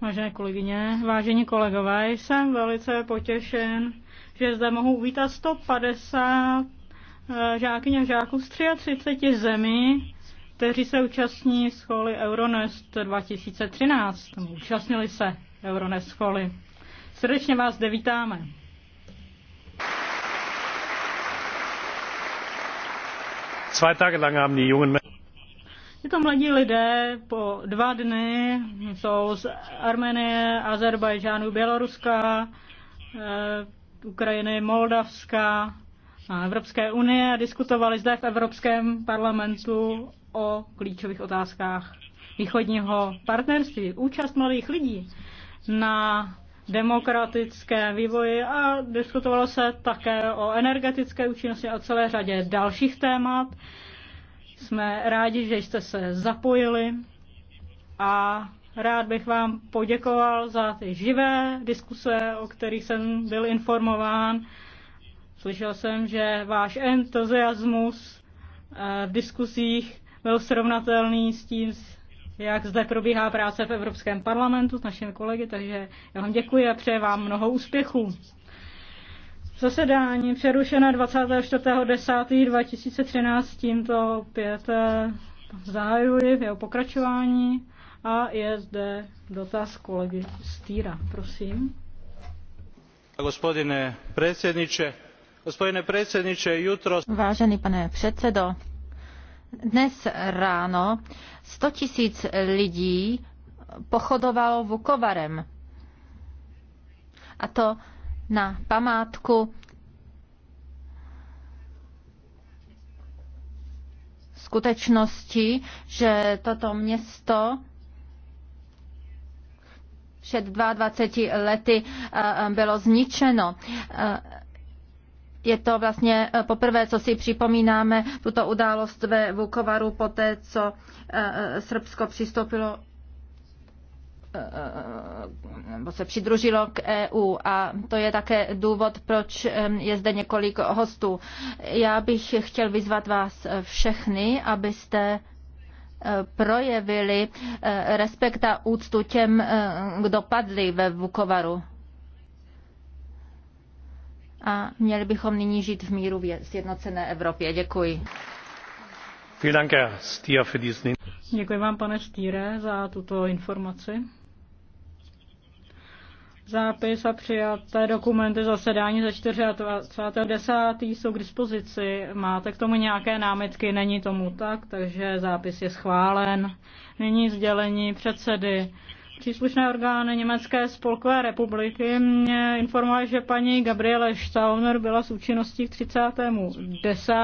Vážené kolegyně, vážení kolegové, jsem velice potěšen, že zde mohu uvítat 150 eh, žákyň a žáků z 33 zemí, kteří se účastní scholy Euronest 2013. Účastnili se Euronest scholy. Srdečně vás zde vítáme. Zwei Tage lang haben die jungen Tyto mladí lidé po dva dny jsou z Armenie, Azerbajžánu, Běloruska, eh, Ukrajiny, Moldavska a Evropské unie a diskutovali zde v Evropském parlamentu o klíčových otázkách východního partnerství. Účast mladých lidí na demokratické vývoji a diskutovalo se také o energetické účinnosti a celé řadě dalších témat. Jsme rádi, že jste se zapojili a rád bych vám poděkoval za ty živé diskuse, o kterých jsem byl informován. Slyšel jsem, že váš entuziasmus eh, v diskusích byl srovnatelný s tím, jak zde probíhá práce v Evropském parlamentu s našimi kolegy, takže já vám děkuji a přeji vám mnoho úspěchů. Zasedání přerušené 24.10.2013 tímto opět eh, zahajuji v jeho pokračování a je zde dotaz kolegy Stýra. Prosím. Gospodine predsjedniče, gospodine predsjedniče, jutro... Vážený pane předsedo, dnes ráno 100 tisíc lidí pochodovalo Vukovarem. A to na památku skutečnosti, že toto město před 22 lety eh, eh, bylo zničeno. Eh, je to vlastně poprvé, co si připomínáme tuto událost ve Vukovaru po té, co Srbsko přistoupilo se přidružilo k EU a to je také důvod, proč je zde několik hostů. Já bych chtěl vyzvat vás všechny, abyste eh, projevili eh, respekt a úctu těm, eh, kdo padli ve Vukovaru. A měli bychom nyní žít v míru v sjednocené Evropě. Děkuji. Děkuji vám, pane Stýre, za tuto informaci. Zápis a přijaté dokumenty zasedání ze 24.10. jsou k dispozici. Máte k tomu nějaké námitky? Není tomu tak, takže zápis je schválen. Nyní sdělení předsedy. Příslušné orgány Německé spolkové republiky mě informovaly, že paní Gabriele Stauner byla s účinností k 30.10.